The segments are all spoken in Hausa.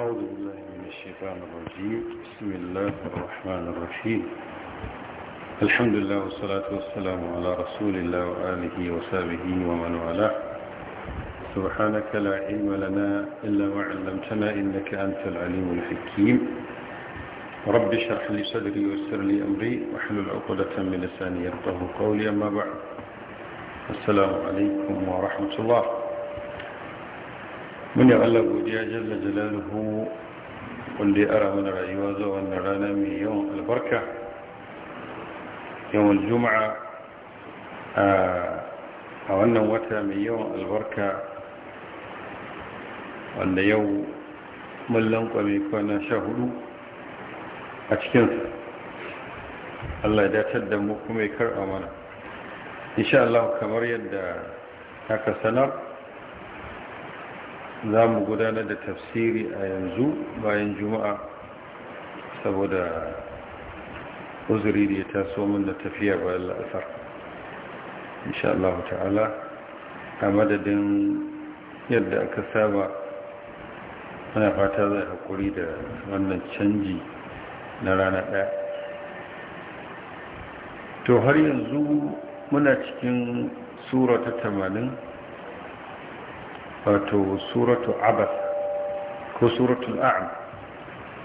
أعوذ بالله من الشيطان الرجيم بسم الله الرحمن الرحيم الحمد لله والصلاة والسلام على رسول الله وآله وصحبه ومن والاه سبحانك لا علم لنا إلا ما علمتنا إنك أنت العليم الحكيم رب اشرح لي صدري ويسر لي أمري واحلل عقدة من لساني يفقهوا قولي أما بعد السلام عليكم ورحمة الله yi allah godiya jalla jalaluhu wanda ya ara mana rayuwa zuwa wannan rana mai yawan albarka yawan juma'a a wannan wata mai yawan albarka wanda yau mullan kwame kwana sha hudu a cikinsa allah ya datar da mu kuma ya karɓa mana insha allah kamar yadda aka sanar za mu gudanar da tafsiri a yanzu bayan juma'a saboda uzuri da ya taso min da tafiya bayan la'asar insha Allah ta'ala a madadin yadda aka saba ana fata zai haƙuri da wannan canji na rana ɗaya to har yanzu muna cikin sura ta tamanin wato suratu abas ko suratul a'am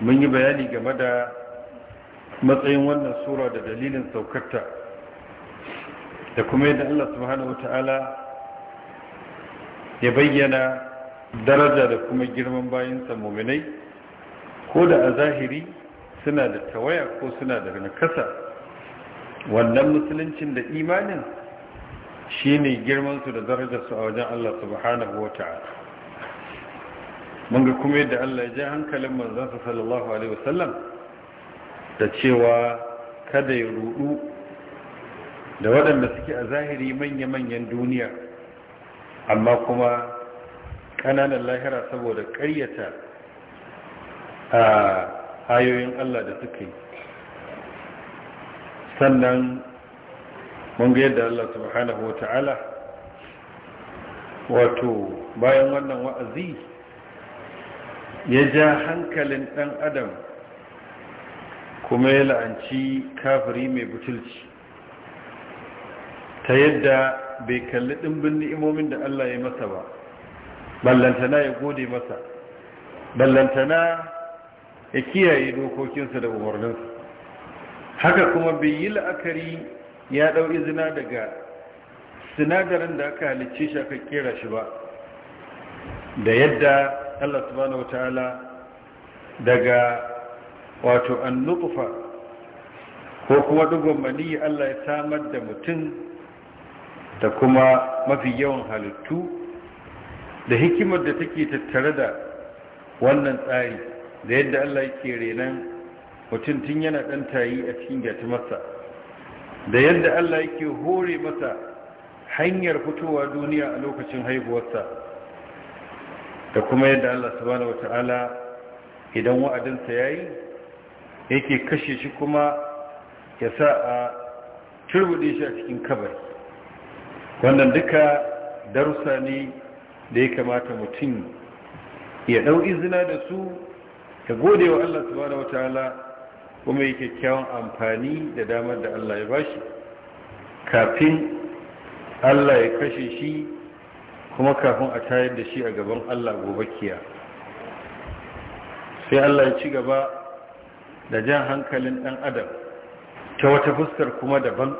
mun yi bayani game da matsayin wannan sura da dalilin saukarta da kuma yadda Allah subhanahu ya bayyana daraja da kuma girman bayansa muminai ko da a zahiri suna da tawaya ko suna da nakasa wannan musuluncin da imanin shine girman su da darajar su a wajen Allah subhanahu wata'ala mun ga kuma yadda Allah ya ji hankalin manzon sallallahu alaihi wasallam da cewa kada ya rudu da waɗanda suke a zahiri manya-manyan duniya amma kuma ƙananan lahira saboda ƙayyata a ayoyin Allah da suke sannan mun ga yadda Allah subhanahu wa ta'ala wato bayan wannan wa'azi ya ja hankalin ɗan adam kuma ya la'anci kafiri mai butulci ta yadda bai kalli ɗimbin ni'imomin da Allah ya masa ba ballantana ya gode masa ballantana ya kiyaye dokokinsa da umarninsa haka kuma bai yi la'akari ya ɗau izina daga sinadarin da aka halicci shi aka kera shi ba da yadda Allah subhanahu wataala daga wato annutufa ko kuma dugon mani Allah ya samar da mutum da kuma mafi yawan halittu da hikimar da take tattare da wannan tsari da yadda Allah ya yake renan mutum tun yana ɗan tayi a cikin gatumarsa da yadda Allah yake hore mata hanyar fitowa duniya a lokacin haihuwarsa da kuma yadda Allah subhanahu wata'ala idan wa'adinsa yayi yake kashe shi kuma ya sa a turbude shi a cikin kabari wannan duka darussa ne da ya kamata mutum ya dau izina da su ya gode wa Allah subhanahu wata'ala kuma yi kyakkyawan amfani da damar da Allah ya bashi kafin Allah ya kashe shi kuma kafin a tayar da shi a gaban Allah gobe kiya sai Allah ya ci gaba da jan hankalin ɗan adam ta wata fuskar kuma daban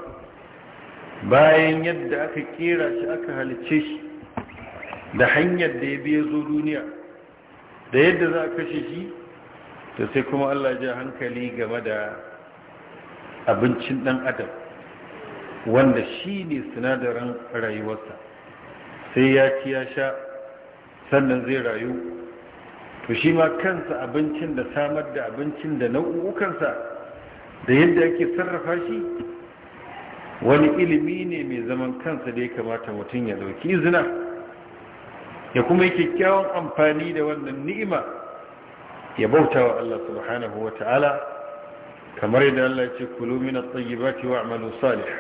bayan yadda aka kera shi aka halicce shi da hanyar da ya biya zo duniya da yadda za a kashe shi to sai kuma Allah ji hankali game da abincin ɗan adam wanda shi ne sinadarin rayuwarsa sai ya ci ya sha sannan zai rayu to shi ma kansa abincin da samar da abincin da nau'ukansa da yadda ake sarrafa shi wani ilimi ne mai zaman kansa da ya kamata mutum ya dauki izina ya kuma yi kyakkyawan amfani da wannan ni'ima ya bauta wa Allah subhanahu wa ta'ala kamar yadda Allah ya ce kulu min at wa wa'malu salih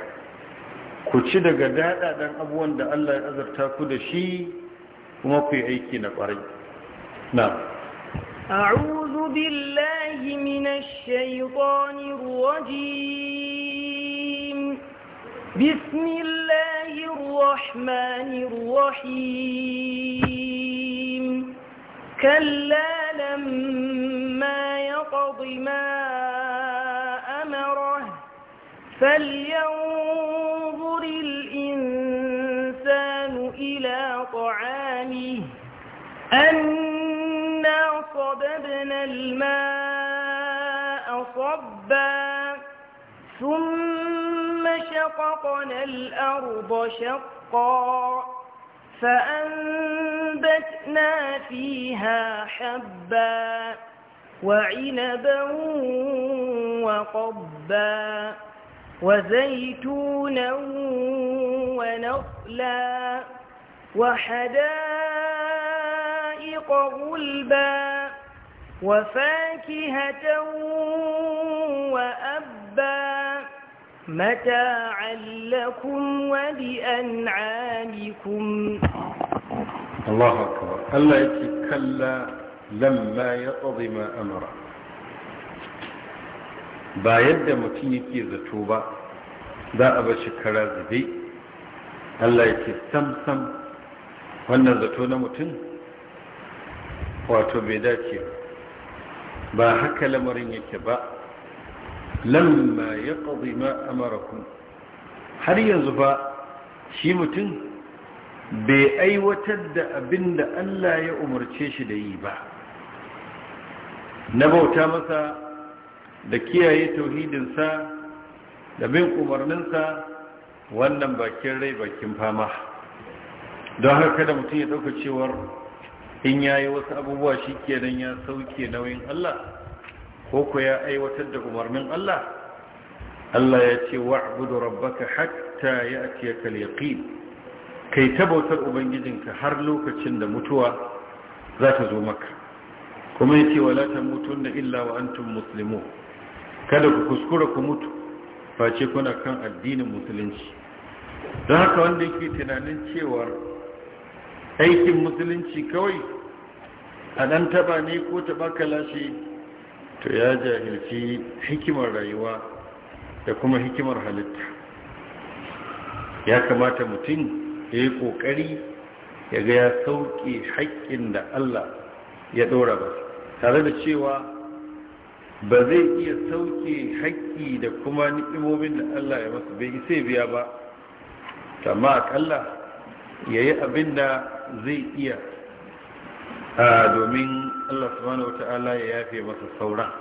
ku ci daga dadadan abubuwan da Allah ya azarta ku da shi kuma ku yi aiki na kwarai na'am أعوذ بالله من الشيطان الرجيم بسم الله الرحمن كلا لما يقض ما أمره فلينظر الإنسان إلى طعامه أنا صببنا الماء صبا ثم شققنا الأرض شقا فأنت وأنبتنا فيها حبا وعنبا وقبا وزيتونا ونخلا وحدائق غلبا وفاكهة وأبا متاعا لكم ولأنعامكم الله أكبر الله يتكلى لما يقضي ما أمره ba yadda mutum yake zato ba za a bar shekara zube allah ya ce sam-sam wannan zato na mutum wato bai dace ba haka lamarin yake ba lamma ya ƙazi ma amarakun har yanzu ba shi mutum bai aiwatar da abin da Allah ya umarce shi da yi ba na bauta masa da kiyaye tauhidinsa da bin umarninsa wannan bakin rai bakin fama don haka kada mutum ya ɗauka cewar in ya yi wasu abubuwa shi kenan ya sauke nauyin Allah ko ku ya aiwatar da umarnin Allah Allah ya ce wa'budu rabbaka hatta ya'tiyaka al-yaqin kai ta bautar ubangijinka har lokacin da mutuwa za ta zo maka kuma yace wala na illa wa antum muslimu kada ku kuskura ku mutu face kuna kan addinin musulunci don haka wanda yake tunanin cewa aikin musulunci kawai a dan taba ne ko taba lashe? to ya jahilci hikimar rayuwa da kuma hikimar halitta ya kamata mutum ya yi ƙoƙari ya ga ya sauƙe haƙƙin da Allah ya ɗora ba tare da cewa ba zai iya sauƙe haƙƙi da kuma ni'imomin da Allah ya masa bai isa biya ba amma aƙalla ya yi abin da zai iya domin Allah subhanahu wa ta'ala ya yafe masa sauran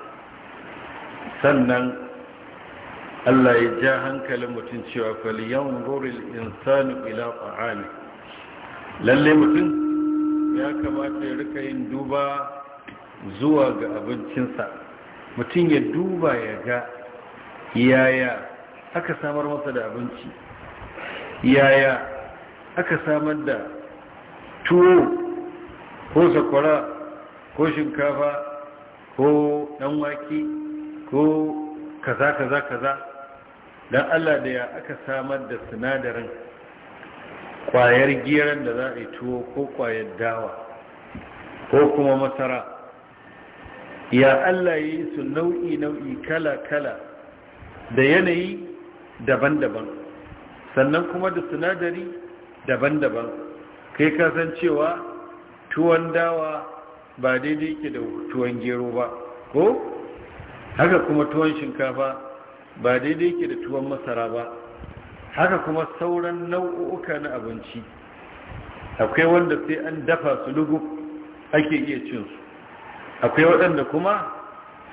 sannan Allah ya ja hankalin mutum cewa faliyan in sani ila ƙa'ani lalle mutum ya kamata ya rika yin duba zuwa ga abincinsa mutum ya duba ya ga yaya aka samar masa da abinci yaya aka samar da tuwo ko sakwara ko shinkafa ko ɗanwaki ko kaza kaza kaza don allah da ya aka samar da sinadarin kwayar giran da za a yi tuwo ko kwayar dawa ko kuma masara ya allah ya yi su nau'i-nau'i kala-kala da yanayi daban-daban sannan kuma da sinadari daban-daban kai cewa tuwon dawa ba daidai ke da tuwon gero ba ko haka kuma tuwon shinkafa ba daidai ke da tuwon masara ba haka kuma sauran nau'uka na abinci akwai wanda sai an dafa su lugu ake iya cin su akwai waɗanda kuma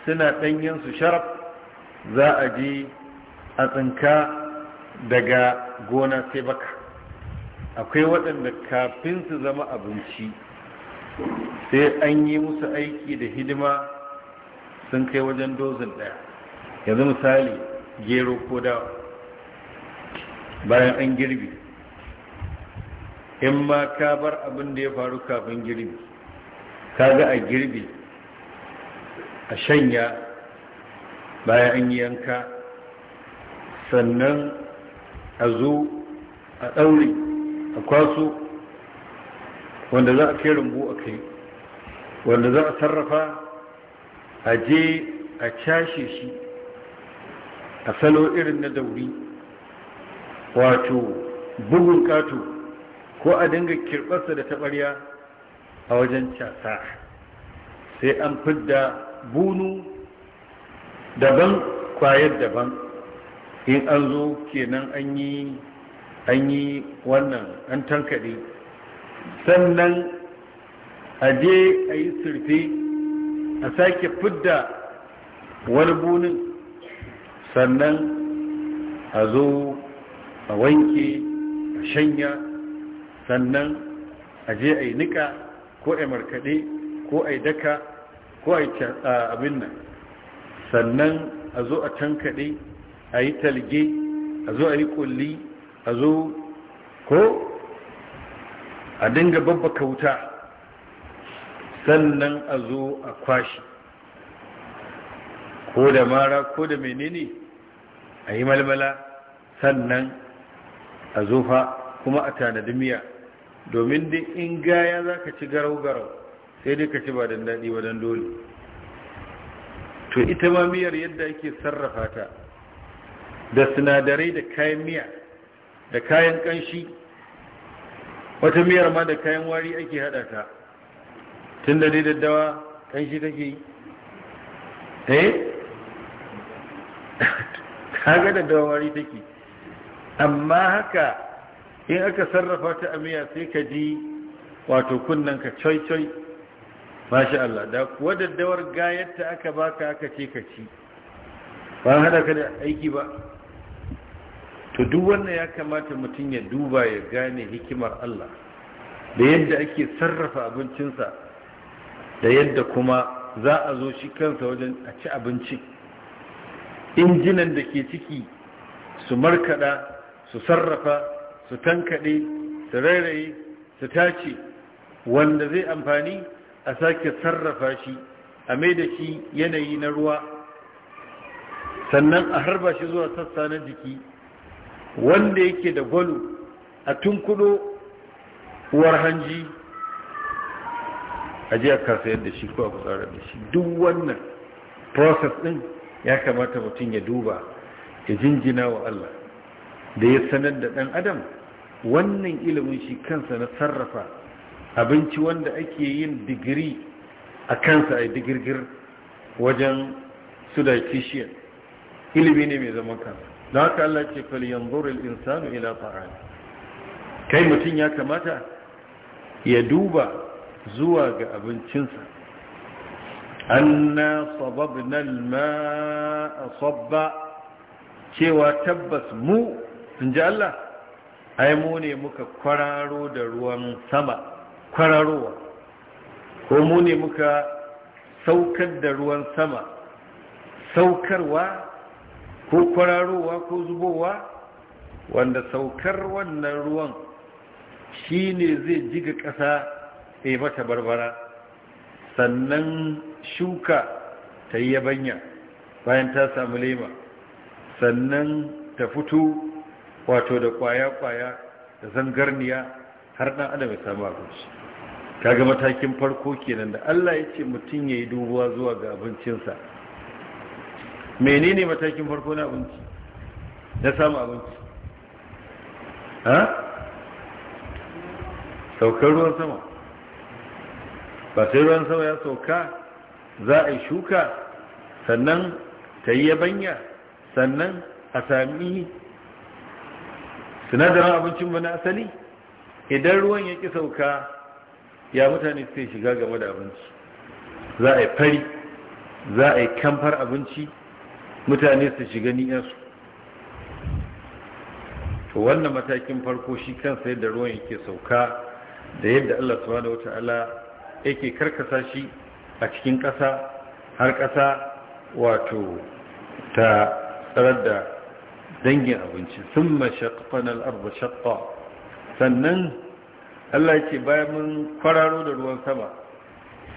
suna ɗanyen su sharaf za a je a tsinka daga gona sai baka akwai waɗanda kafin su zama abinci sai an yi musu aiki da hidima sun kai wajen dozin ɗaya yanzu misali gero ko da bayan an girbi in ma ka bar abin da ya faru kafin girbi ka ga a girbi a shanya bayan an yanka sannan a zo a ɗaure a kwaso wanda za a kai rumbu a kai wanda za a sarrafa a je a cashe shi a salo irin na dauri wato bugun katu ko a dinga kirɓarsa da taɓarya a wajen casa sai an fidda bunu daban kwayar daban in an zo kenan an yi an yi wannan an tankaɗe sannan a je a yi surfe a sake fidda wani bunin sannan a zo a wanke a shanya sannan a je a yi nika ko a markaɗe ko a yi daka ko a yi abin nan sannan a zo a tankaɗe a yi talge a zo a yi ƙulli a zo ko a dinga babba kauta sannan a zo a kwashi ko da mara ko da menene a yi malmala sannan a zufa kuma a tanadi miya domin dai in gaya za ka ci garau-garau sai dai ka ci ba don daɗi ba don dole to ita ma miyar yadda ake sarrafa ta da sinadarai da kayan miya da kayan ƙanshi wata miyar ma da kayan wari ake haɗa ta tun da dai daddawa ƙanshi take yi eh? kaga da dawari take amma haka in aka sarrafa ta amiya sai ka ji wato kunnan ka coy coy masha Allah da kuwa daddawar ga yadda aka baka aka ce ka ci ba hada ka da aiki ba to duk wannan ya kamata mutum ya duba ya gane hikimar Allah da yadda ake sarrafa abincinsa da yadda kuma za a zo shi kansa wajen a ci abinci injinan da ke ciki su markada su sarrafa su tankade su rairaye su tace wanda zai amfani a sake sarrafa shi a mai da shi yanayi na ruwa sannan a harba shi zuwa sassa na jiki wanda yake da gwalo a tunkudo uwar hanji a jiya kasa yadda shi ko a kusa da shi duk wannan process din ya kamata mutum ya duba ya jinjina wa Allah da ya sanar da ɗan adam wannan ilimin shi kansa na sarrafa abinci wanda ake yin digiri a kansa a digirgir wajen sudakishiyar ilimi ne mai zaman kansa da haka Allah ce faliyan zurin insanu ila fa'ani kai mutum ya kamata ya duba zuwa ga abincinsa An na sabab nan na sabba cewa tabbas mu in ji Allah ai mu ne muka kwararo da ruwan sama kwararowa ko mu ne muka saukar da ruwan sama saukarwa ko kwararowa ko zubowa wanda saukar wannan ruwan shi ne zai jiga ƙasa ya mata barbara sannan shuka ta yi yabanya bayan ta samu lema sannan ta fito wato da kwaya-kwaya da zangarniya har dan adam ya samu abinci kaga matakin farko kenan da Allah ya ce mutum ya yi dubuwa zuwa ga abincinsa menene matakin farko na abinci na samu abinci ha saukar ruwan sama ba sai ruwan sama ya sauka za a yi shuka sannan ta yi yabanya sannan a sami sinadarin abincinmu na asali idan ruwan ya ƙi sauka ya mutane sai shiga game da abinci za a yi fari za a yi kamfar abinci mutane su shiga ni'yansu to wannan matakin farko shi kansa yadda ruwan ya ke sauka da yadda allah subhanahu wata'ala yake karkasa shi a cikin ƙasa har ƙasa wato ta tsarar da dangin abinci sun mashaƙfan al'arba shaƙfa sannan allah ce bayan mun kwararo da ruwan sama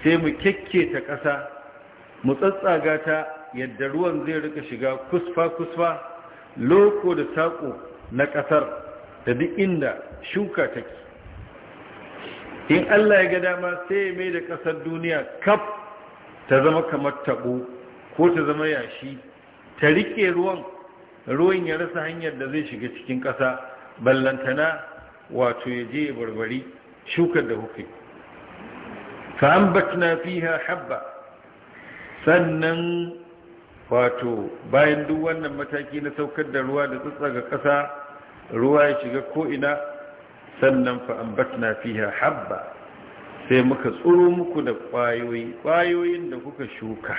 sai mu kyakke ta ƙasa mu tsatsaga ta yadda ruwan zai rika shiga kusfa-kusfa loko da saƙo na ƙasar da duk inda shuka take in Allah ya ga dama sai ya mai da ƙasar duniya kaf ta zama kamar taɓo ko ta zama yashi ta riƙe ruwan ruwan ya rasa hanyar da zai shiga cikin ƙasa ballantana wato ya je ya barbari shukar da hukai fa'ambatna fiha habba sannan wato bayan duk wannan mataki na saukar da ruwa da tsatsaga ƙasa ruwa ya shiga ko'ina sannan fa fa'ambatna fiha habba sai muka tsuro muku da ƙwayoyi ƙwayoyin da kuka shuka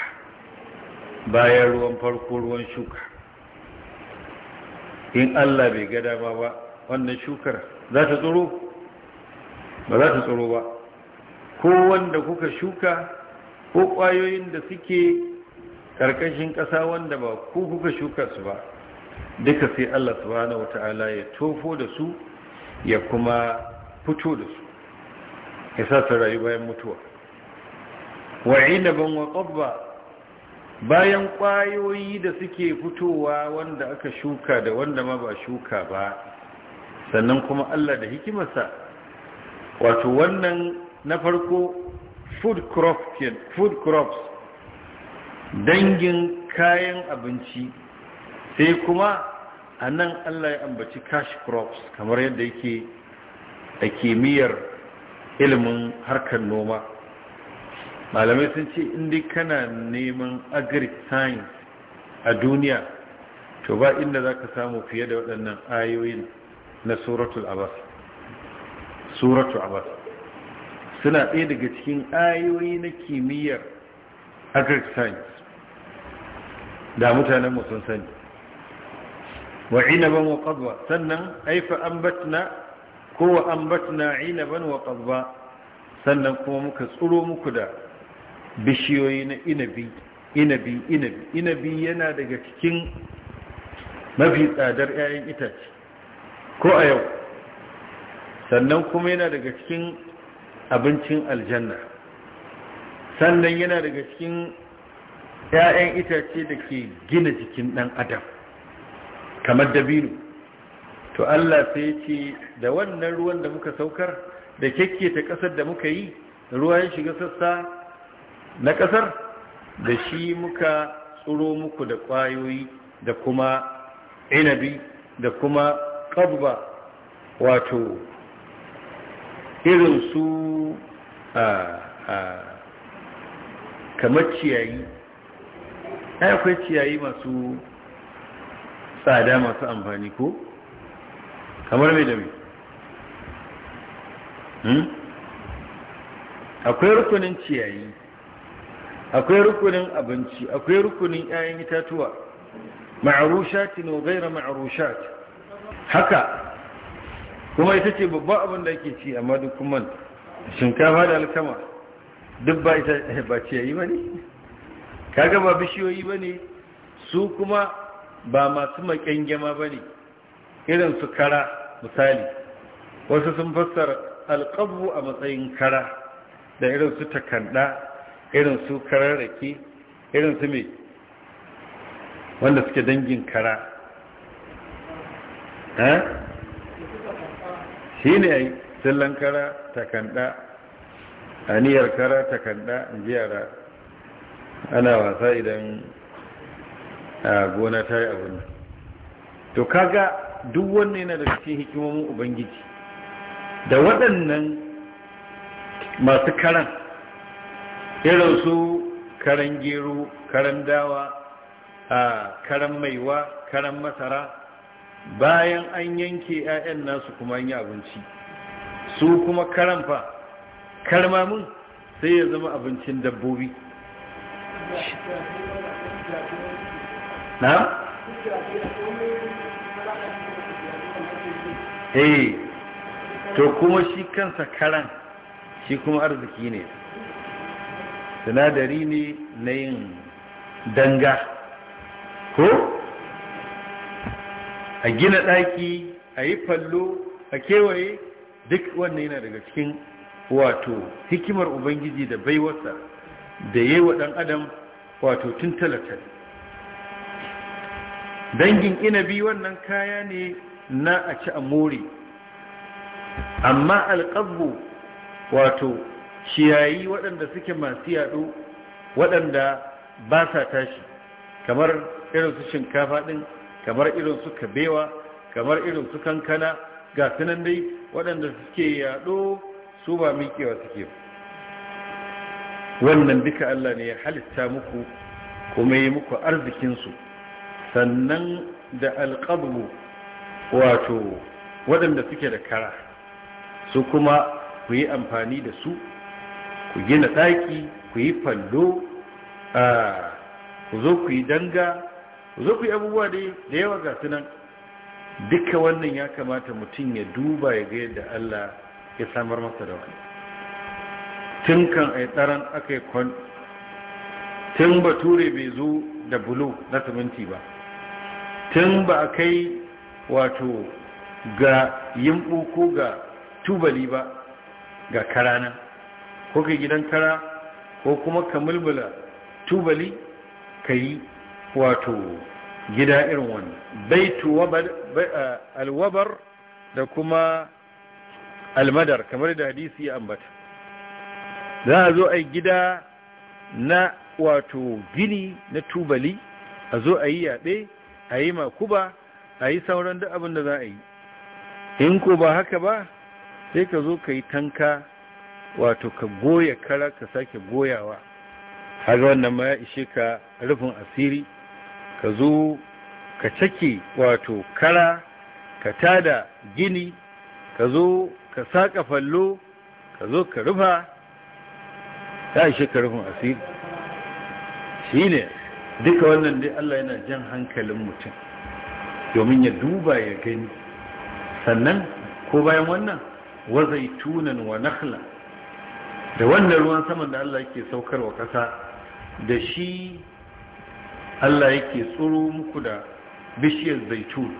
bayan ruwan farko ruwan shuka in Allah bai ga dama ba wannan shukar za ta tsoro ba za ta tsoro ba ko wanda kuka shuka ko ƙwayoyin da suke ƙarƙashin ƙasa wanda ba ku kuka shuka su ba duka sai Allah subhanahu Ta'ala ya tofo da su ya kuma fito da su ya sa su rayu bayan mutuwa wa inaban wa qabba bayan kwayoyi da suke fitowa wanda aka shuka da wanda ma ba shuka ba sannan kuma Allah da hikimarsa wato wannan na farko food crops dangin kayan abinci sai kuma a nan allah ya ambaci cash crops kamar yadda yake a kimiyyar ilimin harkar noma malamai sun ce inda kana neman agri-science a duniya to ba inda za ka samu fiye da waɗannan ayoyin na suratul abbas suratul abbas suna ɗaya daga cikin ayoyi na kimiyyar agri-science da mutanenmu sun sani wa inaban wa qadwa sannan aifa ambatna ko wa ambatna inaban wa qadwa sannan kuma muka tsuro muku da bishiyoyi na inabi inabi inabi inabi yana daga cikin mafi tsadar 'ya'yan itace ko a yau sannan kuma yana daga cikin abincin aljanna sannan yana daga cikin ‘ya'yan itace da ke gina jikin ɗan adam kamar dabino to Allah sai ce da wannan ruwan da muka saukar da kekke ta ƙasar da muka yi ruwa ya shiga sassa na ƙasar da shi muka tsuro muku da kwayoyi da kuma inabi da kuma ƙabba wato irin su kamar ciyayi akwai ciyayi masu tsada masu amfani ko kamar mai da mai hmm? akwai rukunin ciyayi akwai rukunin abinci akwai rukunin 'ya'yan itatuwa ma'arushatin no gaira ma'arushat haka kuma ita ce babban abin da ake ci amma duk kuma shinkafa da alkama duk ba ita ba ciyayi ba ne kaga ba bishiyoyi ba ne su kuma ba masu makyangema ba ne irin su kara misali wasu sun fassara alƙabu a matsayin kara da irin su takanda irin su kararraki irin su mai wanda suke dangin kara shi ne yi sallan kara takanda aniyar kara takanda jiyara ana wasa idan gona ta yi abin to kaga duk wanne yana da cikin hikimomin ubangiji da waɗannan masu karan irin su karan gero karan dawa karan maiwa karan masara bayan an yanke 'ya'yan nasu kuma yi abinci su kuma karan fa karmamin sai ya zama abincin dabbobi na? eh to kuma shi kansa karan shi kuma arziki ne sinadari ne na yin danga ko a gina ɗaki a yi fallo a kewaye duk wannan yana daga cikin wato hikimar ubangiji da baiwarsa da yi wa ɗan adam wato tun talatar dangin inabi wannan kaya ne na a ci a more amma alƙabbu wato ciyayi waɗanda suke masu yaɗo waɗanda ba sa tashi kamar irin su shinkafa ɗin kamar irin su kabewa kamar irin su kankana ga sunan dai waɗanda suke yaɗo su ba miƙewa suke wannan duka Allah ne ya halitta muku kuma yi muku arzikinsu sannan da alƙabu wato waɗanda suke da kara su kuma ku yi amfani da su ku gina ɗaki ku yi fallo ku zo ku yi danga ku zo ku yi abubuwa da yawa ga sunan duka wannan ya kamata mutum ya duba ya ga yadda Allah ya samar masa da wani tun kan a yi tsaron aka yi kwan tun bature bai zo da bulo na siminti ba tun ba a kai wato ga yimbu ko ga tubali ba ga karana ko ka gidan kara ko kuma ka mulmula tubali ka yi wato gida irin wani baitu alwabar da kuma almadar kamar da hadisi ya ambata za a zo a yi gida na wato gini na tubali a zo a yi yaɗe a yi ba a yi sauran da abin da za a yi in ko ba haka ba sai ka zo ka yi tanka wato ka goya kara ka sake goyawa haga wannan ma ya ishe ka rufin asiri ka zo ka cake wato kara ka tada gini ka zo ka saka fallo ka zo ka rufa ya ishe ka rufin asiri shi ne duka wannan dai Allah yana jan hankalin mutum domin ya duba ya gani sannan ko bayan wannan wa zaitunan wa nakhla da wannan ruwan saman da Allah yake saukarwa kasa da shi Allah yake tsoro muku da bishiyar zaitun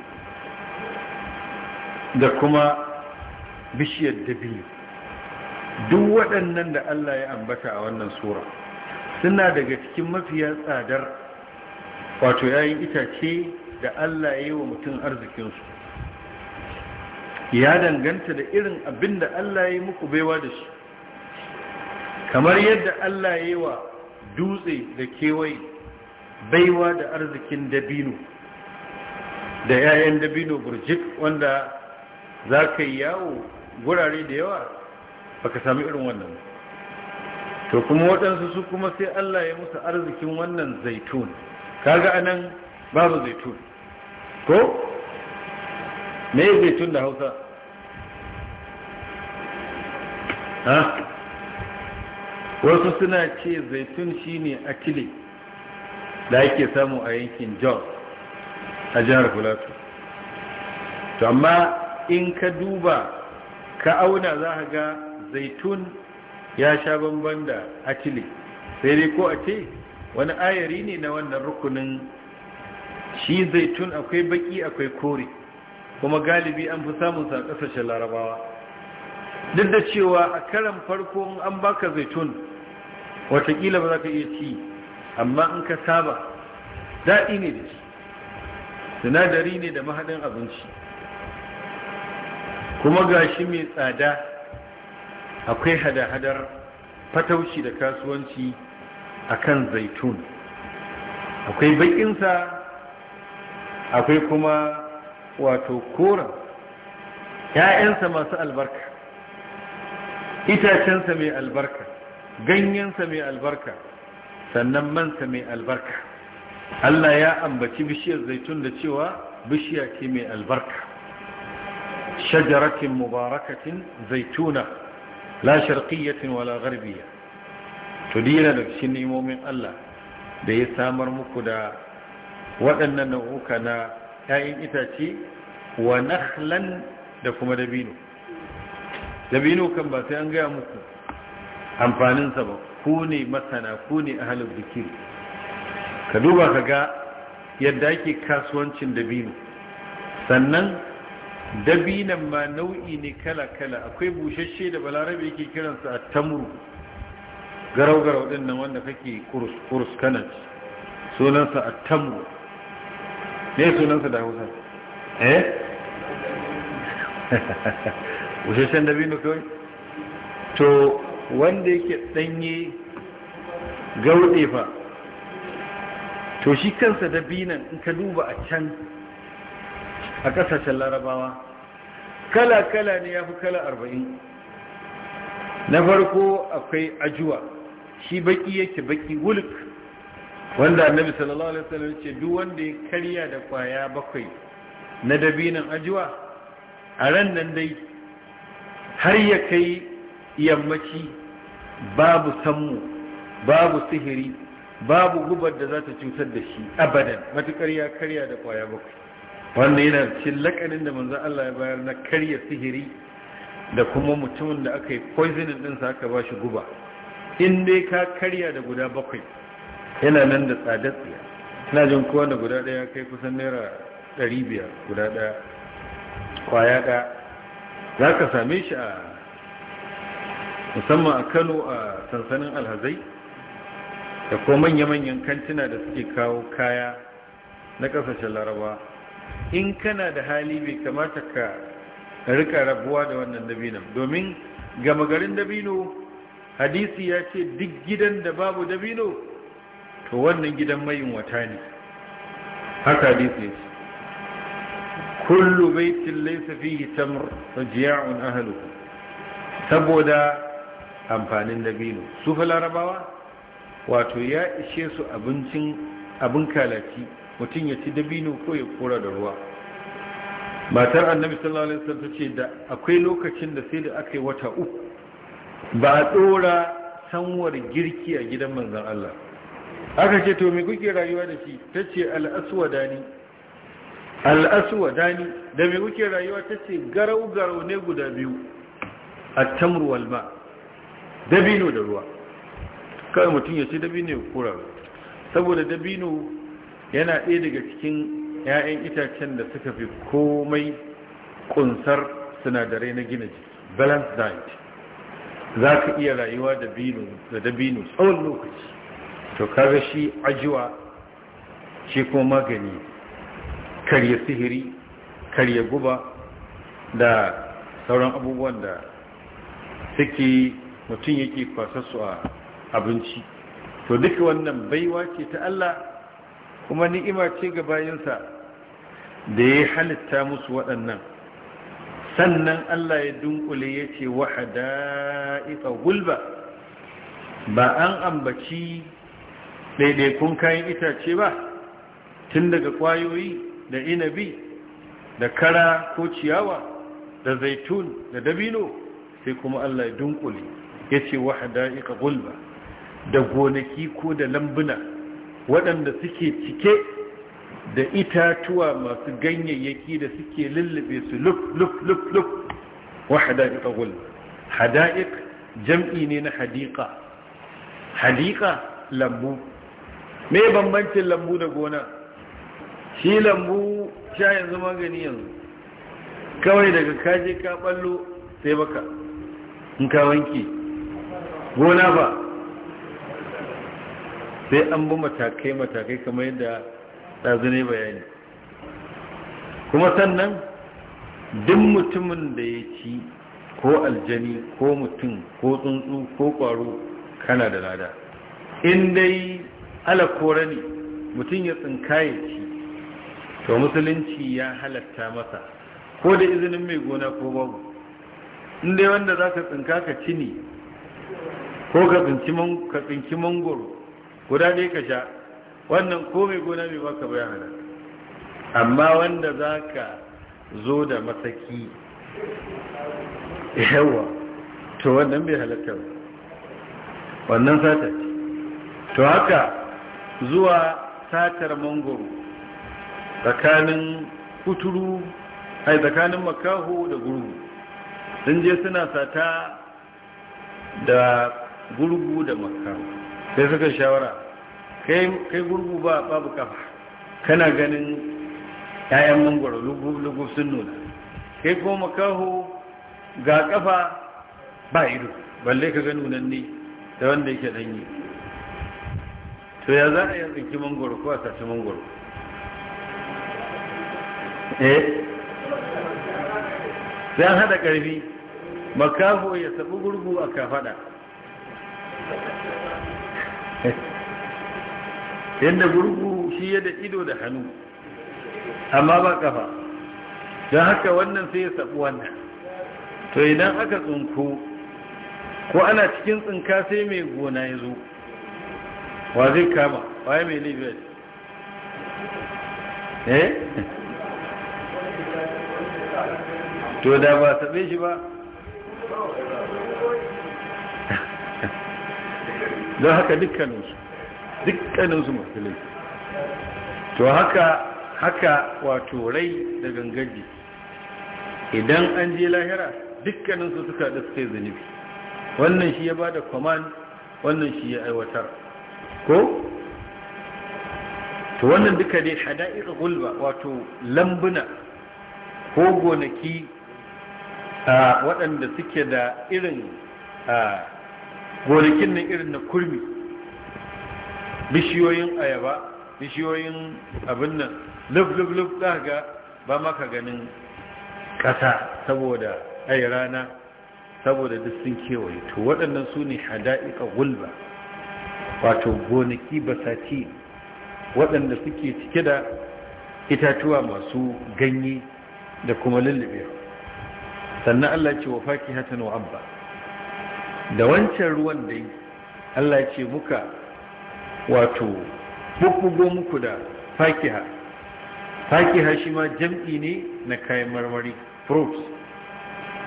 da kuma bishiyar dabino duk waɗannan da Allah ya ambata a wannan sura suna daga cikin mafiya tsadar wato yayin itace da Allah ya yi wa mutum arzikinsu ya danganta da irin abin da Allah ya yi muku baiwa da shi kamar yadda Allah ya yi wa dutse da kewaye baiwa da arzikin dabino da 'ya'yan dabino burjik wanda za ka yi yawo gurare da yawa baka sami irin wannan to kuma waɗansu su kuma sai Allah ya musu arzikin wannan zaitun kaga anan babu zaitun ko me zaitun da hausa ha wasu suna ce zaitun shine akile da ake samu a yankin jos a jihar filato to amma in ka duba ka auna za ka ga zaitun ya sha bamban da akile sai dai ko a ce wani ayari ne na wannan rukunin shi zaitun akwai baki akwai kore kuma galibi an fi samun sa kasashen larabawa duk da cewa a karan farko an baka zaitun watakila ba za ka iya ci amma in ka saba daɗi ne da shi sinadari ne da mahaɗin abinci kuma ga shi mai tsada akwai hada-hadar fatauci da kasuwanci akan zaitun akwai bakinsa akwai kuma wato koren ‘ya'yansa masu albarka itacensa mai albarka ganyensa mai albarka sannan mansa mai albarka Allah ya ambaci bishiyar zaitun da cewa bishiya ce mai albarka shajaratin mubarakatin zaituna la sharqiyyatin wala gharbiya to dina da shi nemomin Allah da ya samar muku da waɗannan nau'uka na ‘ya'yan itace wa nakhlan da kuma dabino dabino kan ba sai an gaya muku amfaninsa ba ku ne masana ku ne ahalin zikiri ka duba ka ga yadda ake kasuwancin dabino sannan dabinan ma nau'i ne kala-kala akwai bushashe da balarabe yake kiransa a tamuru garau-garau din nan wanda kake kurus kanan sunansa a tamru ne sunansa da hausa eh wusheshen dabino kawai to wanda yake danye gaude fa to shi kansa dabinan in ka duba a can a kasashen larabawa kala-kala ne ya fi kala arba'in na farko akwai ajuwa shi baki yake baki wulk wanda annabi sallallahu alaihi wasallam ce duk wanda ya karya da kwaya bakwai na dabinin ajiwa a ran nan dai har ya kai yammaci babu sammu babu sihiri babu gubar da za ta cutar da shi abadan matukar ya karya da kwaya bakwai wanda yana cikin lakanin da manzo Allah ya bayar na karya sihiri da kuma mutumin da aka yi poisoning din sa aka ba shi guba in dai ka karya da guda bakwai yana nan da tsadar tsiya ina jin kowa da guda daya kai kusan naira ɗari biyar guda daya kwaya za ka same shi a musamman a kano a sansanin alhazai da kuma manya-manyan kantina da suke kawo kaya na ƙasashen laraba in kana da hali bai kamata ka rika rabuwa da wannan dabinan domin gama garin dabino hadisi ya ce duk gidan da babu dabino to wannan gidan mayin wata ne haka hadisi ya ce kullu baitin laysa fihi tamr faji'un ahluhu saboda amfanin dabino su fa larabawa wato ya ishe su abincin abin kalaci mutum ya ci dabino ko ya kora da ruwa matar annabi sallallahu alaihi wasallam ta ce da akwai lokacin da sai da aka yi wata uku ba a ɗora sanwar girki a gidan manzan Allah aka ce to me kuke rayuwa da shi ta ce al'aswadani al'aswadani da me kuke rayuwa ta ce garau-garau ne guda biyu a tamruwal walma? dabino da ruwa kawai mutum ya ce dabino ya kura saboda dabino yana ɗaya daga cikin 'ya'yan itacen da suka fi komai kunsar sinadarai na gina jiki balance diet za ka iya rayuwa da dabino tsawon lokaci to kaga shi ajiwa shi kuma magani karya sihiri karya guba da sauran abubuwan da suke mutum yake kwasassu a abinci to duka wannan baiwa ce ta Allah kuma ni'ima ce ga bayansa da ya halitta musu waɗannan sannan Allah ya dunkule ya ce wahada'ika gulba ba an ambaci ɗaiɗaikun kayan itace ba tun daga ƙwayoyi da inabi da kara ko ciyawa da zaitun da dabino sai kuma Allah ya dunkule ya ce wahada'ika gulba da gonaki ko da lambuna waɗanda suke cike da itatuwa masu ganyayyaki da suke lullube su luk luk luk luk wa hada'iq gul hada'iq jam'i ne na hadiqa hadiqa lambu me bambancin lambu da gona shi lambu sha yanzu magani yanzu kawai daga kaje ka ballo sai baka in ka wanke gona ba sai an bi matakai matakai kamar yadda ɗazu ne bayani kuma sannan duk mutumin da ya ci ko aljani ko mutum ko tsuntsu ko ƙwaro kana da lada in dai alakora ne mutum ya tsinka ya ci to musulunci ya halatta masa ko da izinin mai gona ko babu in dai wanda za ka tsinka ka ci ne ko ka tsinki mangoro guda ɗaya ka sha wannan komai gona mai baka bayana amma wanda za ka zo da matsaki yawa to wannan bai halatta wannan sata ce to haka zuwa satar mangoro tsakanin kuturu ai tsakanin makaho da gurgu sun je suna sata da gurgu da makaho sai suka shawara kai gurgu ba babu kafa kana ganin ƴaƴan mangoro, lugub sun nuna kai ko makaho ga kafa ba ido balle ka ga ne da wanda yake danyi to ya za a yi tsinki mangoro, ko a sace mangoro? eh zan hada karfi makaho ya sabu gurgu a kafada yadda gurgu shi ya da ido da hannu amma ba kafa don haka wannan sai ya sabu wannan to idan aka tsunku ko ana cikin tsinka sai mai gona ya zo wa zai kama waye mai libya eh to da ba saɓe shi ba don haka dukkaninsu dukkaninsu musulai to haka haka wato rai da gangaji idan an je lahira dukkaninsu suka da suke zunubi wannan shi ya ba da command wannan shi ya aiwatar ko to wannan duka dai hada'iqa gulba wato lambuna ko gonaki waɗanda suke da irin gonakin nan irin na kurmi bishiyoyin ayaba bishiyoyin abin nan luf-luf-luf ga ba maka ganin ƙasa saboda ai rana saboda duk sun kewaye to waɗannan su ne hada'iƙa gulba wato gonaki basati waɗanda suke cike da itatuwa masu ganye da kuma lullube sannan Allah ce wa faki abba da wancan ruwan dai Allah ce muka wato bubbugo muku da fakiha fakiha shi ma jam'i ne na kayan marmari fruits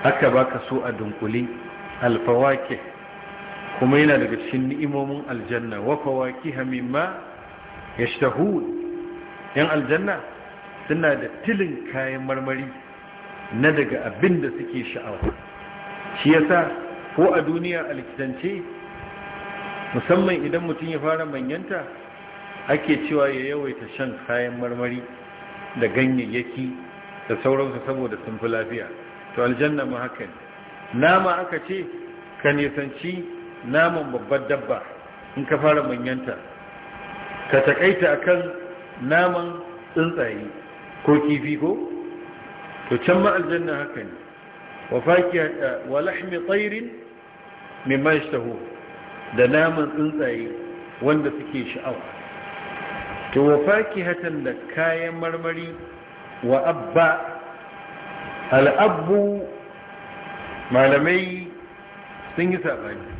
haka baka so a dunkule alfawake kuma yana daga cikin ni'imomin aljanna wa fawakiha mimma yashtahun yan aljanna suna da tilin kayan marmari na daga abin da suke sha'awa shi yasa ko a duniya alkitance musamman idan mutum ya fara manyanta ake cewa ya yawaita shan kayan marmari da ganyayyaki da sauransu saboda sun fi lafiya to aljanna ma haka ne nama aka ce ka nisanci naman babbar dabba in ka fara manyanta ka takaita kan naman tsuntsaye ko kifi ko to can ma aljanna haka ne wa fakiya wa lahmi tayrin mimma yashtahun da naman tsuntsaye wanda suke sha'awa to wa fakihatan da kayan marmari wa abba al'abbu malamai sun yi saɓani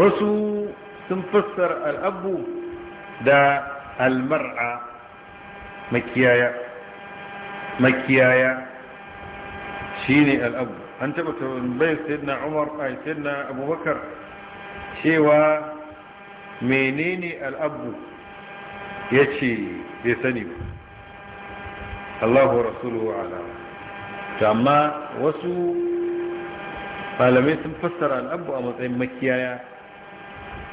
wasu sun fassar al'abbu da almar'a makiyaya makiyaya shine al'abbu an taɓa tambayar sayyidina umar a sayyidina abubakar cewa menene al'abu ya ce bai sani ba allahu rasulu ala amma wasu malamai sun fassara al'abu a matsayin makiyaya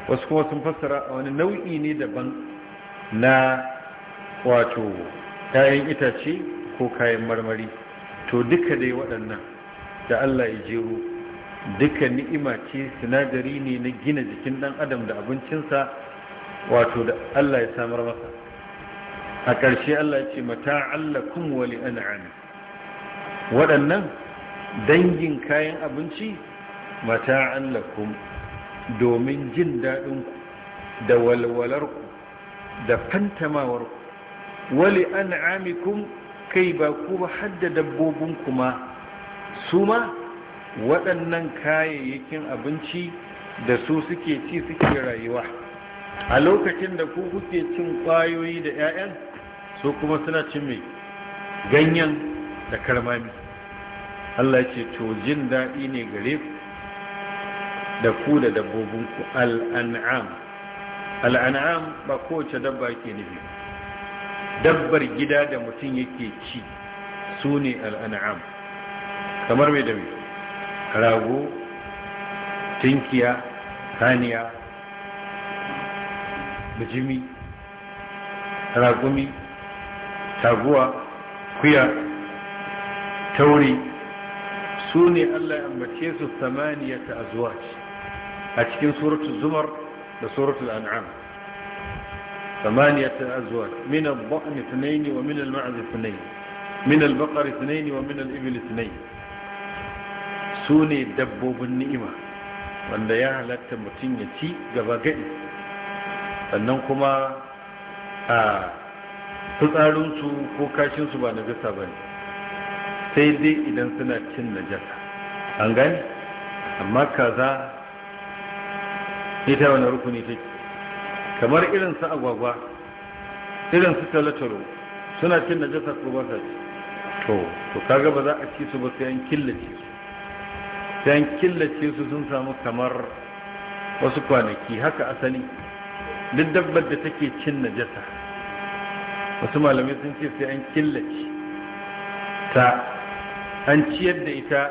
wasu kuma sun fassara a wani nau'i ne daban na wato kayan itace ko kayan marmari to duka dai waɗannan da allah ya jeru duka ni'ima ce sinadari ne na gina jikin dan adam da abincinsa wato da Allah ya samar masa a ƙarshe Allah ya ce mata'allakum wa li'an'am waɗannan dangin kayan abinci mata'allakum domin jin daɗin ku da walwalar ku da fantamawar ku wa li'an'amikum kai ba ku ba hadda dabbobin kuma su ma waɗannan kayayyakin abinci da su suke ci suke rayuwa a lokacin da ku kuke cin ƙwayoyi da 'ya'yan su kuma suna cin mai ganyen da karmami Allah ce to jin daɗi ne gare ku da ku da dabbobinku al'an'am al'an'am ba kowace dabba ke nufi dabbar gida da mutum yake ci su ne al'an'am kamar mai da mai rago tinkiya saniya bijimi ragumi taguwa kuya tauri su ne allah ambace su samaniya ta a cikin suratul zumar da suratul an'am ثمانية أزواج من wa اثنين ومن المعز اثنين من البقر wa ومن الإبل اثنين su ne dabbobin ni'ima wanda ya halatta mutum ya ci gaba gadi sannan kuma a fitsarinsu ko kashinsu ba na najasa ba ne sai dai idan suna cin na jasa an gani amma kaza ita wani rukuni take kamar irin su agwagwa irin su talataro suna cin najasa ko ba ta ci to to kaga ba za a ci su ba sai an killace su don killace su sun samu kamar wasu kwanaki haka asali duk dabbar da take cin najasa wasu malamai sun ce sai an killace ta an ciyar da ita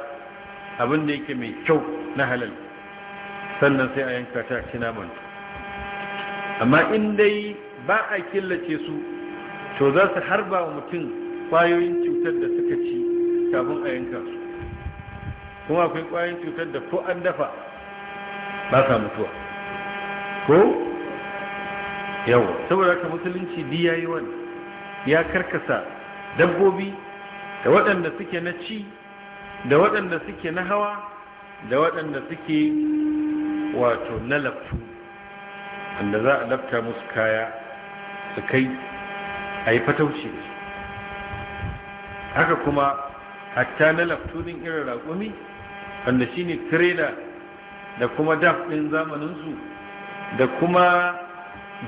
abin da yake mai kyau na halal sannan sai a yanka ta manta. amma in dai ba a killace su to za su harba wa mutum kwayoyin cutar da suka ci kafin a yanka su kuma akwai kwayoyin cutar da ko an dafa ba sa mutuwa ko yawa saboda haka musulunci bi ya yi wani ya karkasa dabbobi da waɗanda suke na ci da waɗanda suke na hawa da waɗanda suke wato na laftu wanda za a lafta musu kaya su kai a yi fatauci haka kuma hatta na laftu din irin raƙumi wanda ne trailer da kuma daf ɗin zamaninsu da kuma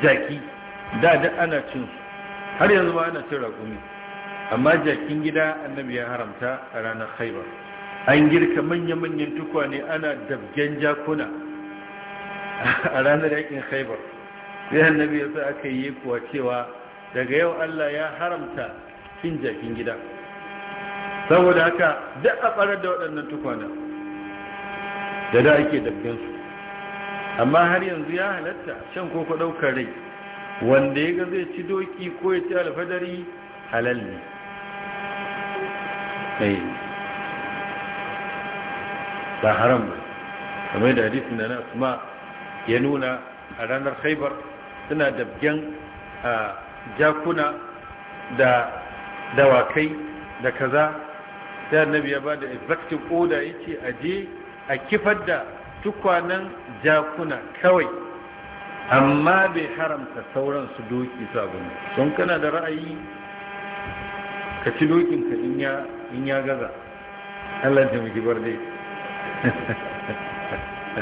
jaki da duk ana cin su har yanzu ma ana cin raƙumi amma jakin gida annabi ya haramta a ranar haibar an girka manya-manyan tukwane ana dabgen jakuna a ranar yakin haibar sai annabi ya sa aka yi kuwa cewa daga yau allah ya haramta cin jakin gida saboda haka duk a tsarar da waɗannan tukwanen da da ake su amma har yanzu ya halatta shan koko ɗaukar rai wanda ya ga zai ci doki ko ya ci alfadari halal ne eh. ba haram ba kamar da hadisin da na kuma ya nuna a ranar haibar suna dabgen a jakuna da dawakai da kaza sai annabi ya ba da effective order ya ce aje a kifar da tukwanen jakuna kawai amma bai haramta sauran su doki su abu ne don kana da ra'ayi ka ci dokinka in ya gaza allah ta miki bar dai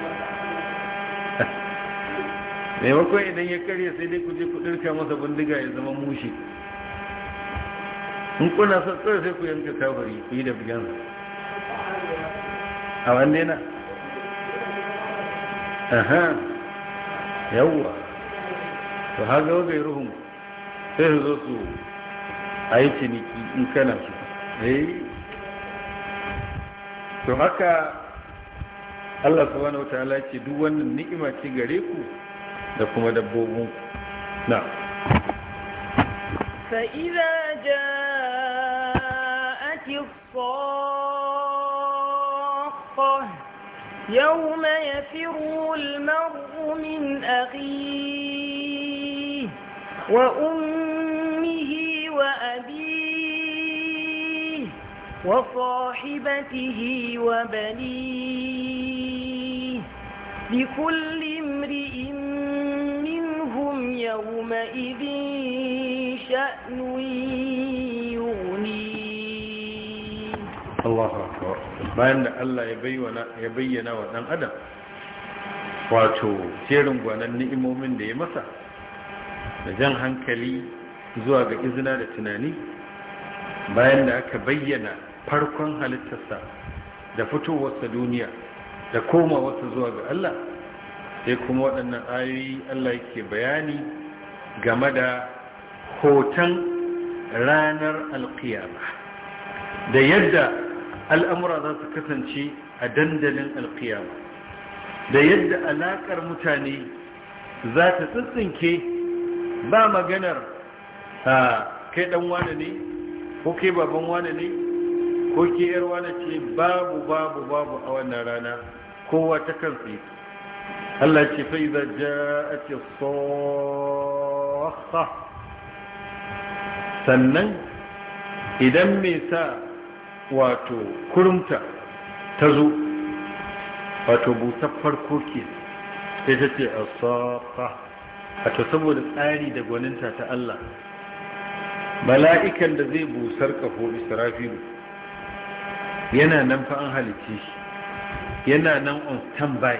maimakon idan ya karya sai dai kuje ku ɗirka masa bindiga ya zama mushi in kuna sassar sai ku yanka kafari ku yi da bigansa a wanne na aha yawwa to haga wagai ruhun sai su zo su a yi ciniki in kana su eh. to haka Allah subhanahu wa ta'ala ce duk wannan ni'ima ce gare ku da kuma dabbobin na fa idza ja'ati يوم يفر المرء من أخيه وأمه وأبيه وصاحبته وبنيه لكل امرئ منهم يومئذ شأن يغنيه الله أكبر bayan da Allah ya bayyana wa ɗan adam wato jerin gwanan ni'imomin da ya masa da jan hankali zuwa ga izina da tunani bayan da aka bayyana farkon halittarsa da fitowarsa duniya da komawarsa zuwa ga Allah sai kuma waɗannan ayoyi Allah yake bayani game da hoton ranar alkiyama da yadda al'amura za su kasance a dandalin alkiyama da yadda alaƙar mutane za ta tsintsinke ba maganar kai ɗan ne ko kai baban wane ne ko ke yar ce babu babu babu a wannan rana kowa ta kansu Allah ce fai za ja a ce sannan idan mai sa wato kurumta ta zo wato busar farko ke sai ta ce asafa wato saboda tsari da gwaninta ta Allah mala'ikan da zai busar kafo israfilu yana nan fa an halice shi yana nan on standby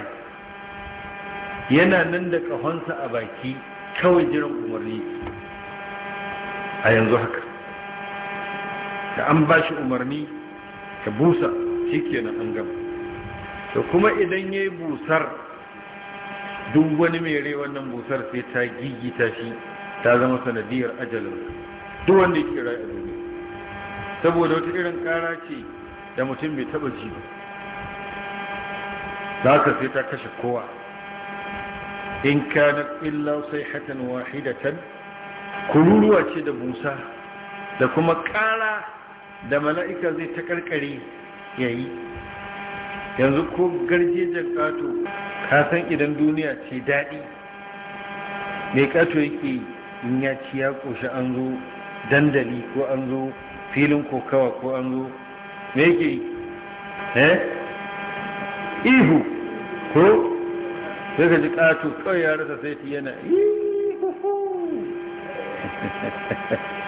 yana nan da kahonsa a baki kawai jiran umarni a yanzu haka da an ba shi umarni ka busa shi kenan an gama da kuma idan ya yi busar duk wani mai rai wannan busar sai ta gigita shi ta zama sanadiyar ajalin duk wanda ya kira a duniya saboda wata irin kara ce da mutum bai taba ji ba za ka sai ta kashe kowa in kana illa sai hatan wahidatan kururuwa ce da busa da kuma kara da mala'ika zai ta karkare ya yi yanzu ko garjejen ƙato kasan idan duniya ce daɗi mai ƙato yake in ya ci ya ƙoshi an zo dandali ko an zo filin kokawa ko an zo me yake eh ihu ko sai ka ji ƙato kawai ya rasa sai yana ihu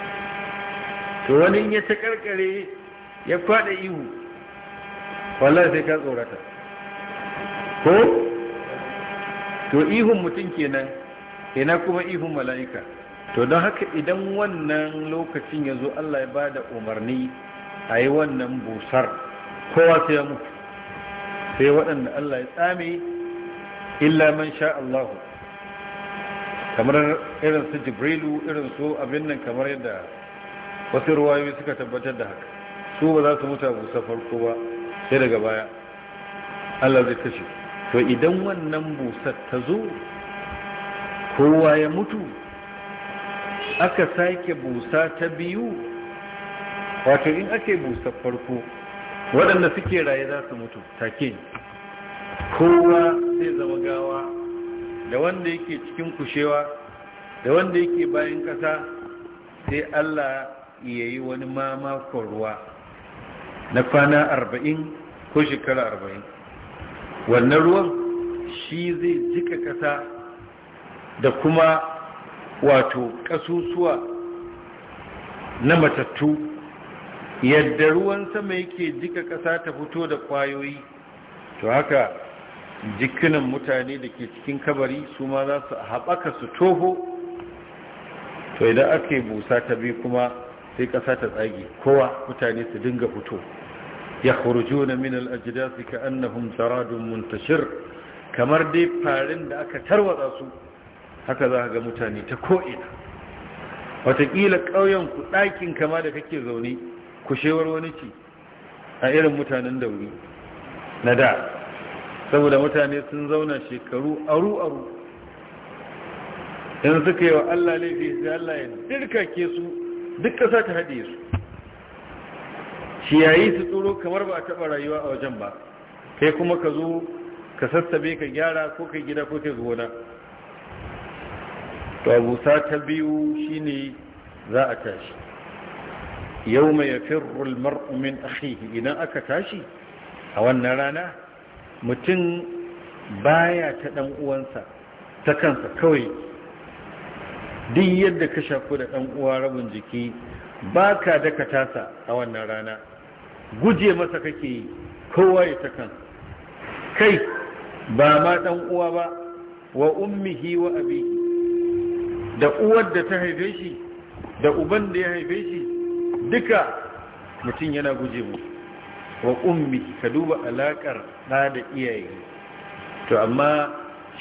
to wani ya ta karkare ya kwada ihu wallahi sai ka tsorata ko to ihun mutum kenan ina kuma ihun mala'ika to don haka idan wannan lokacin ya zo Allah ya bada umarni a yi wannan busar kowa sai ya sai waɗanda Allah ya tsame illa man sha Allahu kamar irin su jibrilu irin su abin nan kamar yadda wasu ruwayoyi suka tabbatar da haka su ba za su mutu a busa farko ba sai daga baya Allah zai kashe to idan wannan busar ta zo kowa ya mutu aka sake busa ta biyu wato in ake busar farko waɗanda suke raye za su mutu take kowa zai zama gawa da wanda yake cikin kushewa da wanda yake bayan ƙasa sai Allah ya yi wani mamakon ruwa na kwana arba'in ko shekara arba'in wannan ruwan shi zai jika kasa da kuma wato kasusuwa na matattu yadda ruwan sama yake jika kasa ta fito da kwayoyi to haka jikinan mutane da ke cikin kabari su ma za su haɓaka su toho to idan ake busa ta bi kuma sai ƙasa ta tsage kowa mutane su dinga fito ya khurujuna min al-ajdasi ka'annahum jaradun muntashir kamar dai farin da aka tarwatsa su haka za ga mutane ta ko'ina watakila ƙauyen ku ɗakin kama da kake zaune ku shewar wani ci a irin mutanen da wuri na da saboda mutane sun zauna shekaru aru-aru in suka yi wa Allah laifi sai Allah ya dirkake su duk ƙasa ta haɗe su ciyayi su tsoro kamar ba a taɓa rayuwa a wajen ba kai kuma ka zo ka sassabe ka gyara ko kai gida ko kai gona to abusa ta biyu ne za a tashi yau mai firrul mar'umin akhihi idan aka tashi a wannan rana mutum baya ta ɗan uwansa ta kansa kawai duk yadda ka shafu da ɗan uwa rabin jiki ba ka daka tasa a wannan rana guje masa kake yi kowa ya ta kan kai ba ma ɗan uwa ba wa ummihi wa abi da uwar da ta haife shi da uban da ya haife shi duka mutum yana guje mu wa ummi ka duba alaƙar ɗa da iyaye to amma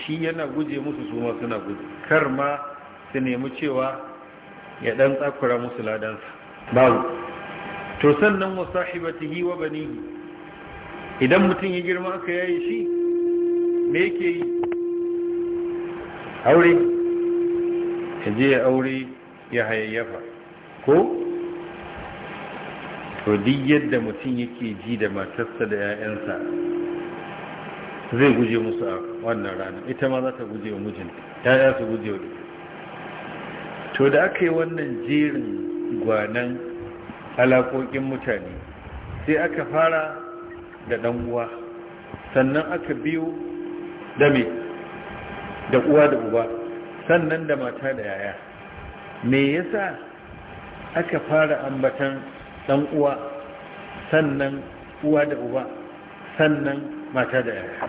shi yana guje musu su ma suna guje kar ma su nemi cewa ya ɗan tsakura musu ladansa babu to sannan wa sahibatihi wa banihi idan mutum ya girma aka yayi shi me yake yi aure ya je ya aure ya hayayyafa ko to duk yadda mutum yake ji da matarsa da 'ya'yansa zai guje musu a wannan rana ita ma za ta guje wa mijinta 'ya'ya su guje wa duka to da aka yi wannan jerin gwanan alaƙoƙin mutane sai aka fara da ɗan uwa sannan aka biyo da me da uwa da uba sannan da mata da yaya me yasa aka fara ambatan ɗan uwa sannan uwa da uba sannan mata da yaya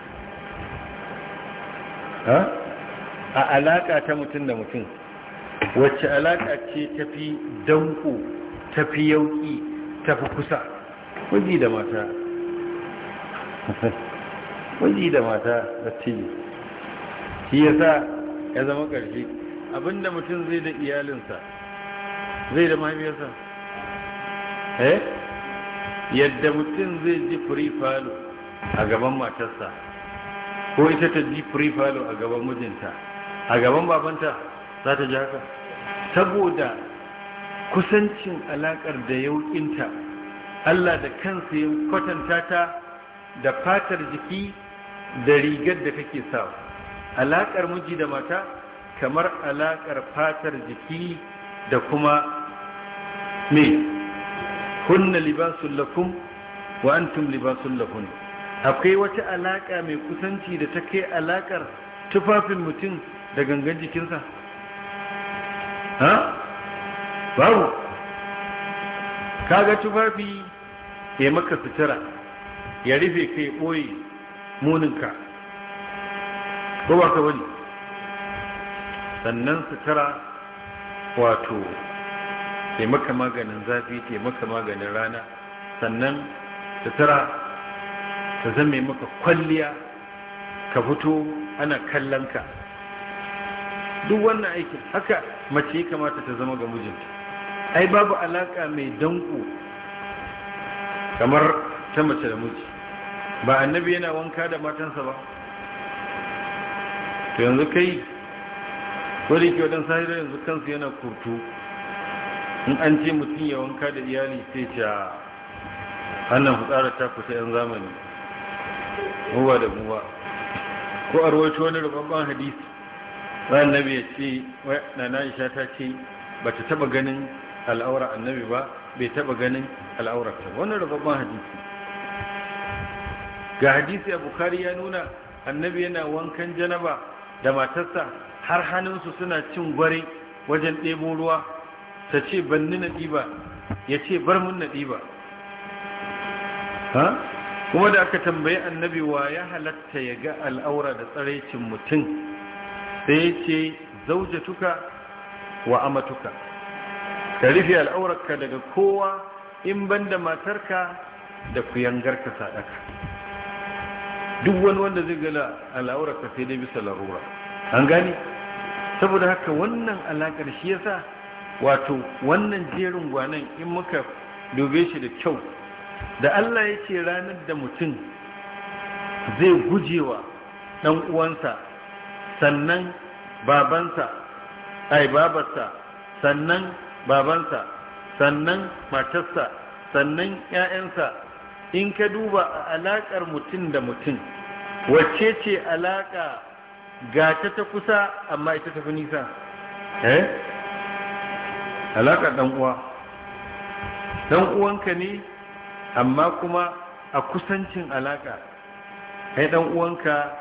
a alaƙa ta mutum da mutum wacce alaƙa ce tafi danko tafi yauƙi tafi kusa waje da mata waje da mata da tili shi ya sa ya zama ƙarshe abinda mutum zai da iyalinsa zai da mahaifiyarsa eh yadda mutum zai ji free a gaban matarsa ko ita ta ji free a gaban mijinta a gaban babanta za ta saboda kusancin alaƙar da yauƙinta Allah da kansa ya kwatanta ta da fatar jiki da rigar da kake sawa alaƙar miji da mata kamar alaƙar fatar jiki da kuma me kunna libasul lakum wa antum libasul lahun akwai wata alaƙa mai kusanci da take kai tufafin mutum da gangan jikinsa ha babu kaga tufafi ya maka sutura ya rufe ka ya ɓoye muninka ko ba ka wani sannan sutura wato ya maka maganin zafi ya maka maganin rana sannan sutura ta zame maka kwalliya ka fito ana kallon ka duk wannan aikin haka mace ya kamata ta zama ga mijinta ai babu alaka mai danko kamar ta mace da miji ba annabi yana wanka da matansa ba to yanzu kai wani ke sahira yanzu kansu yana kurtu in an ce mutum ya wanka da iyali sai ce a hannun fitsara ta kusa 'yan zamani muwa da muwa ko a rawaito wani rubabban hadisi bayan nabi ya ce na aisha ta ce ba ta taba ganin al'aura annabi ba bai taba ganin al'aurarta wannan rababban hadisi ga hadisi a bukari ya nuna annabi yana wankan janaba da matarsa har hannunsu suna cin gwari wajen ɗebo ruwa ta ce banni na ɗiba ya ce bar mun na ɗiba kuma da aka tambayi annabi wa ya halatta ya ga al'aura da tsaraicin mutum sai ce zaujatuka wa amatuka ka rufe al'aurarka daga kowa in banda matarka da kuyangarka sadaka duk wani wanda zai gala al'aurarka sai dai bisa larura an gani saboda haka wannan alaƙar shi yasa wato wannan jerin gwanan in muka dube shi da kyau da Allah ya ce ranar da mutum zai gujewa ɗan uwansa sannan babansa ai babarsa sannan babansa sannan matarsa sannan 'ya'yansa in ka duba a alaƙar mutum da mutum wacce ce alaƙa ga ta ta kusa amma ita ta fi nisa eh alaƙar ɗan uwa ɗan uwanka ne amma kuma a kusancin alaƙa ai dan uwanka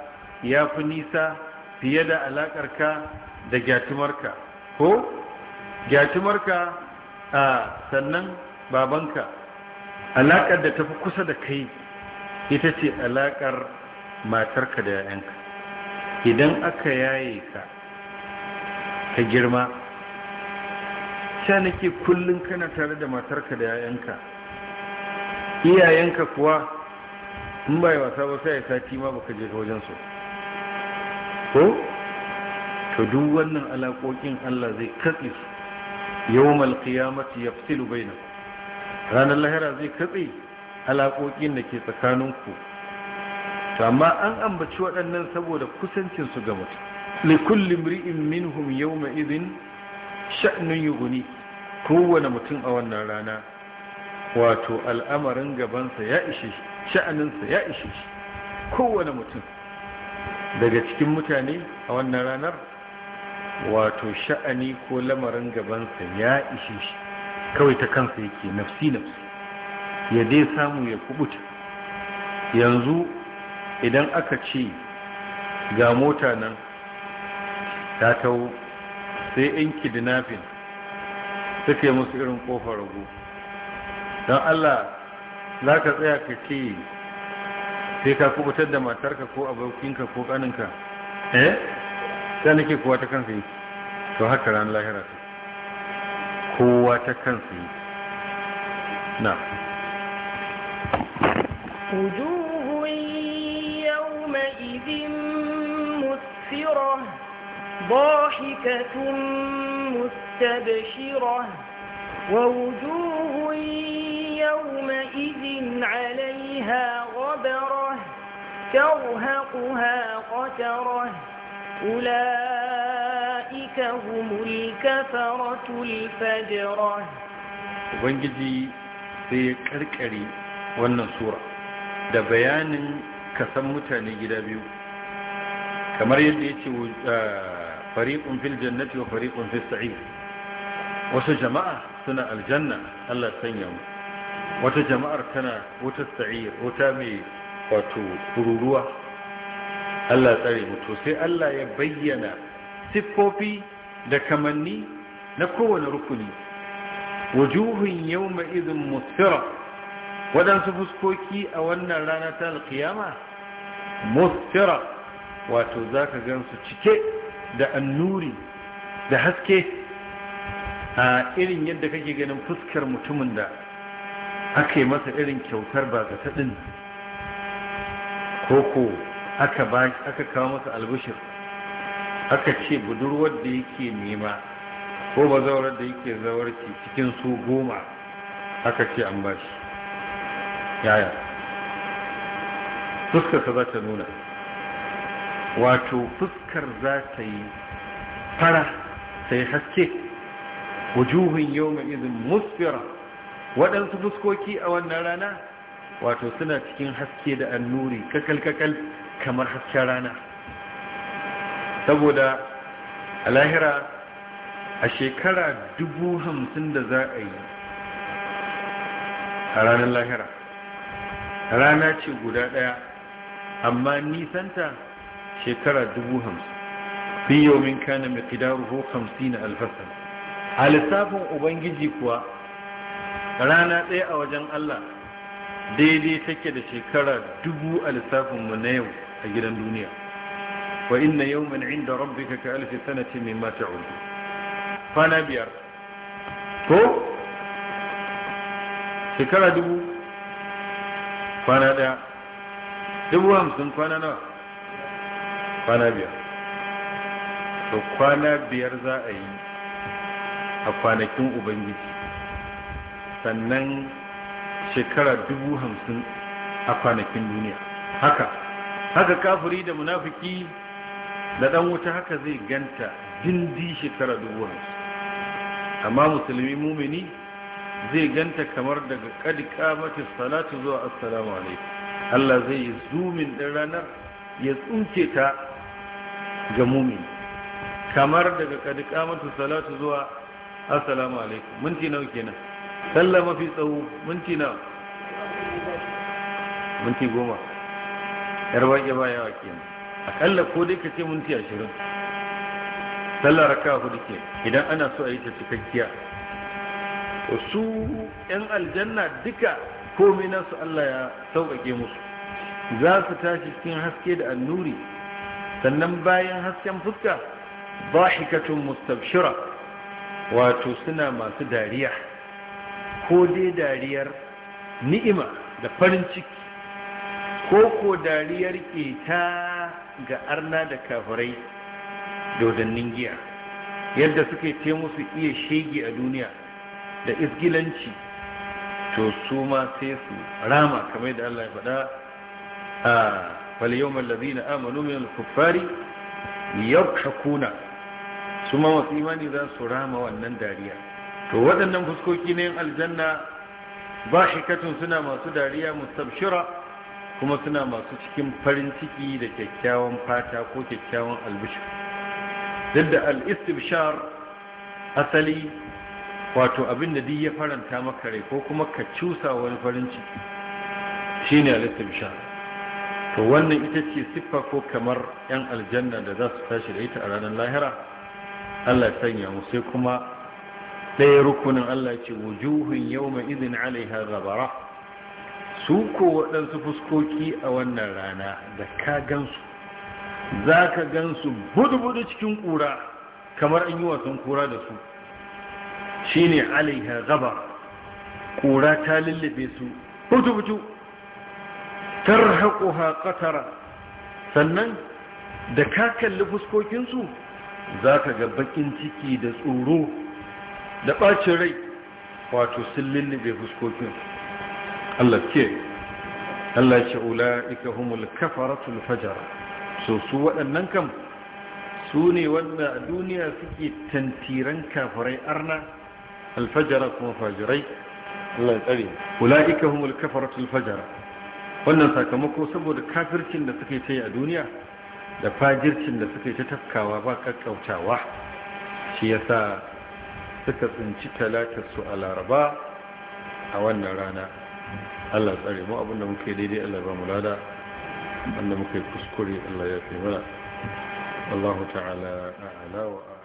ya fi nisa fiye da alaƙarka da gyatumarka ko gyatumarka a sannan babanka alaƙar da tafi kusa da kai ita ce alaƙar matarka da 'ya'yanka idan aka yaye ka ta girma sha nake kullum kana tare da matarka da 'ya'yanka iyayenka kuwa in ba yi wasa ba sai sati ma baka je wajen su. ko to duk wannan alaƙoƙin Allah zai katse su yawmal qiyamati yafsilu bainakum ranar lahira zai katse alaƙoƙin da ke tsakaninku to amma an ambaci waɗannan saboda kusancin su ga mutum likulli mri'in minhum yawma idhin sha'nun yughni kowane mutum a wannan rana wato al'amarin gabansa ya ishe sha'aninsa ya ishe kowane mutum daga cikin mutane a wannan ranar wato sha'ani ko lamarin gabansa ya ishe shi kawai ta kansa yake nafsi nafsi ya dai samu ya kubuta yanzu idan aka ce ga mota nan ta tawo sai yan kidnapping suke musu irin kofar rago don allah za ka tsaya ka ce sai ka kubutar da matarka ko abokinka ko kaninka eh sai nake kowa ta kansa yi to haka ran lahira ta kowa ta kansa yi na wujuhun yawma idin musfira ضاحكة مستبشرة ووجوه يومئذ عليها غبرة ترهقها قترة أولئك هم الكفرة الفجرة Ubangiji sai ya karkare wannan Sura da bayanin kasan mutane gida biyu, kamar yadda ya ce ah, fariƙun fil jannati wa fariƙun fil sa'i wasu jama'a suna aljanna Allah sanya mu wata jama'ar tana wata sa'ir wata mai wato kururuwa Allah tsare mutu sai Allah ya bayyana siffofi da kamanni na kowane rukuni wujuhun yawma idin musfira waɗansu fuskoki a wannan rana ta alkiyama musfira wato za ka gansu cike da annuri da haske a irin yadda kake ganin fuskar mutumin da aka yi masa irin kyautar ba ga ɗin koko aka ba aka kawo masa albushir aka ce budurwar da yake nema ko bazawar da yake zawarci cikin su goma aka ce an ba shi yaya fuskar za ta nuna wato fuskar za ta yi fara sai haske wujuhun yau ma izin musfira waɗansu fuskoki a wannan rana wato suna cikin haske da annuri kakal-kakal kamar hasken rana saboda a lahira a shekara dubu hamsin da za a yi a ranar lahira rana ce guda ɗaya amma nisanta shekara dubu hamsin fi yomin kana mai fidaruhu hamsin na alfasar a lissafin ubangiji kuwa rana daya a wajen Allah daidai take da shekara dubu a lissafinmu na yau a gidan duniya wa inna min inda rabbi ka alfi sanati mata ulu kwana biyar ko shekara dubu kwana daya dubu hamsin kwana nawa kwana biyar to kwana biyar za a yi a kwanakin ubangiji sannan shekara dubu hamsin a kwanakin duniya haka haka kafiri da munafiki da dan wuta haka zai ganta dindi shekara dubu hamsin amma musulmi mumini zai ganta kamar daga kadi kamata salatu zuwa assalamu alaikum Allah zai yi zumin ɗan ranar ya tsunce ta ga mumini kamar daga kadi kamata salatu zuwa assalamu alaikum minti nawa kenan sallah mafi tsawo minti na minti goma yar wake ba yawa kenan akalla ko dai ka ce minti ashirin sallah raka hudu ke idan ana so a yi ta cikakkiya su yan aljanna duka komi nasu Allah ya sauƙaƙe musu za su tashi cikin haske da annuri sannan bayan hasken fuska dhahikatun mustabshira wato suna masu dariya ko dai dariyar ni'ima da farin ciki ko ko dariyar keta ga arna da kafirai dodannin giya yadda suke ce musu iya shege a duniya da isgilanci to su ma sai su rama kamar da Allah ya faɗa a falyawar lazina amanu min al-kuffari yau shakuna su ma masu imani za su rama wannan dariya to waɗannan fuskoki na aljanna ba shikatun suna masu dariya mustabshira kuma suna masu cikin farin ciki da kyakkyawan fata ko kyakkyawan albishir duk da al'istibshar asali wato abin da duk ya faranta maka rai ko kuma ka cusa wani farin ciki shine al'istibshar to wannan ita ce siffa ko kamar 'yan aljanna da za su tashi da ita a ranar lahira allah sanya mu sai kuma ɗaya rukunin Allah ce wujuhun mai idin alaiha gabara su ko waɗansu fuskoki a wannan rana da ka gansu za ka gansu budu-budu cikin ƙura kamar an yi wasan ƙura da su shi ne alaiha gabara ƙura ta lullube su budu-budu tarhaquha qatara sannan da ka kalli fuskokinsu za ka ga baƙin ciki da tsoro da ɓacin rai wato sun lullube fuskokin Allah ke Allah ce ula'ika humul kafaratul fajara so su waɗannan kam su ne wanda a duniya suke tantiran kafirai arna alfajara kuma fajirai Allah ya tsare ula'ika humul kafaratul fajara wannan sakamako saboda kafircin da suke ta yi a duniya da fajircin da suke ta tafkawa ba kakkautawa shi yasa suka tsinci talatarsu a laraba a wannan rana allah tsare mu abinda muka yi daidai allah ba mu lada wanda muka yi kuskure allah ya fi mana allahu ta'ala a'ala wa